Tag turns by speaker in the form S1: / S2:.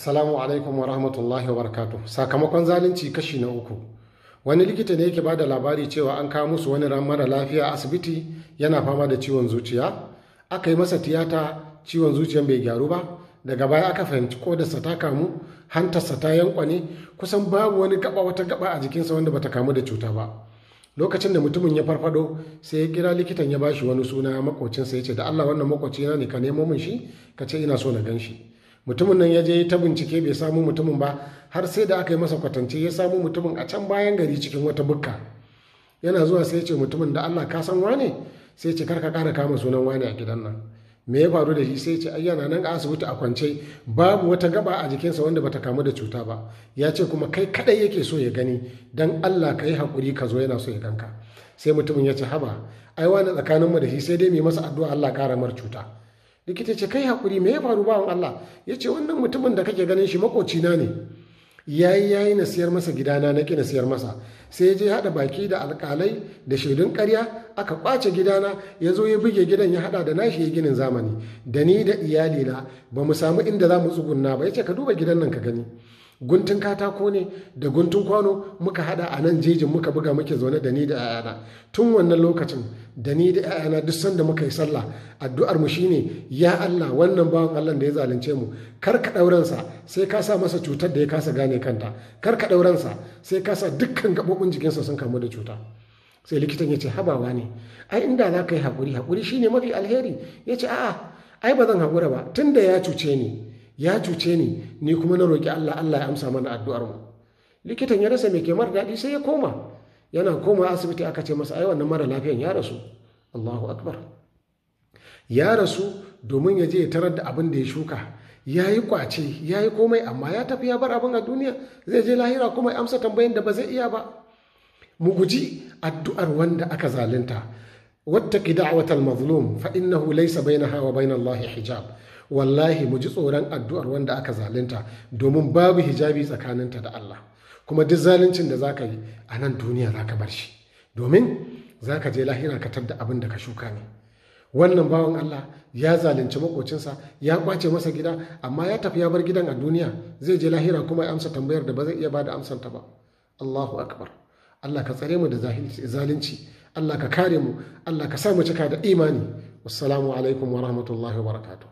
S1: Assalamu alaikum wa rahmatullahi wa barakatuh. Sakamakon zalunci kashi na uku. Wani likita ne yake bada labari cewa an kawo musu wani mara lafiya a asibiti yana fama da ciwon zuciya. Aka yi masa tiyata ciwon zuciyan bai gyaru ba. Daga baya aka fahimci ko da ta kamu, hantarsa ta yankwane, kusan babu wani gaba wata gaba a jikinsa wanda bata kamu da cuta ba. Lokacin da mutumin ya farfado sai ya kira likitan ya bashi wani suna makocinsa ya ce da Allah wannan makoci yana ne ka nemo min shi ka ce ina so na gan shi. mutumin nan ya je ta bincike bai samu mutumin ba har sai da aka yi masa kwatance ya samu mutumin a can bayan gari cikin wata bukka yana zuwa sai ce mutumin da Allah ka san wane sai ce karka kara kama sunan wane a gidan nan me ya faru da shi sai ce ai yana nan a asibiti a kwance babu wata gaba a jikinsa wanda bata kamu da cuta ba ya ce kuma kai kadai yake so ya gani dan Allah ka yi hakuri ka zo yana so ya ganka sai mutumin ya ce haba ai wani tsakaninmu da shi sai dai mu masa addu'a Allah kara mar cuta likita ce kai hakuri me ya faru bawan Allah ya ce wannan mutumin da kake ganin shi makocina ne Ya yi yayi na siyar masa gidana na na siyar masa sai ya je haɗa baki da alƙalai da shaidun ƙarya aka ƙwace gidana ya zo ya buge gidan ya haɗa da nashi ya ginin zamani da ni da iyalina ba mu samu inda za mu tsugunna ba ya ce ka duba gidan nan ka gani guntun katako ne da guntun kwano muka hada a nan jejin muka buga muke zaune da ni da 'ya'yana tun wannan lokacin da ni da 'ya'yana duk sanda muka yi sallah addu'ar mu shine ya Allah wannan bawan Allah da ya zalunce mu kar ka dauran sa sai ka sa masa cutar da ya kasa gane kanta kar ka dauran sa sai ka sa dukkan gabobin sa sun kamu da cuta sai likitan ya ce habawa ne ai inda za ka yi hakuri, hakuri shine mafi alheri ya ce a'a ai ba zan hakura ba tunda ya cuce ni ya cuce ni ni kuma na roƙi Allah Allah ya amsa mana addu'ar mu likitan ya rasa mai ke daɗi sai ya koma yana koma asibiti aka ce masa ai wannan mara lafiyan ya rasu Allahu akbar ya rasu domin ya je ya tarar da abin da ya shuka ya yi kwace ya yi komai amma ya tafi ya bar abin a duniya zai je lahira kuma ya amsa tambayin da ba zai iya ba mu guji addu'ar wanda aka zalunta wattaki da'watal mazlum fa innahu laysa bainaha wa bainal lahi hijab wallahi mu ji tsoron addu'ar wanda aka zalunta domin babu hijabi tsakaninta da Allah kuma duk zaluncin da zaka yi a nan duniya zaka bar shi domin zaka je lahira ka da abin da ka shuka ne wannan bawan Allah ya zalunci makocinsa ya kwace masa gida amma ya tafi ya bar gidan a duniya zai je lahira kuma ya amsa tambayar da ba zai iya bada ta ba Allahu akbar Allah ka tsare mu da zalunci Allah ka kare mu Allah ka sa mu cika da imani wassalamu alaikum wa rahmatullahi wa barakatuh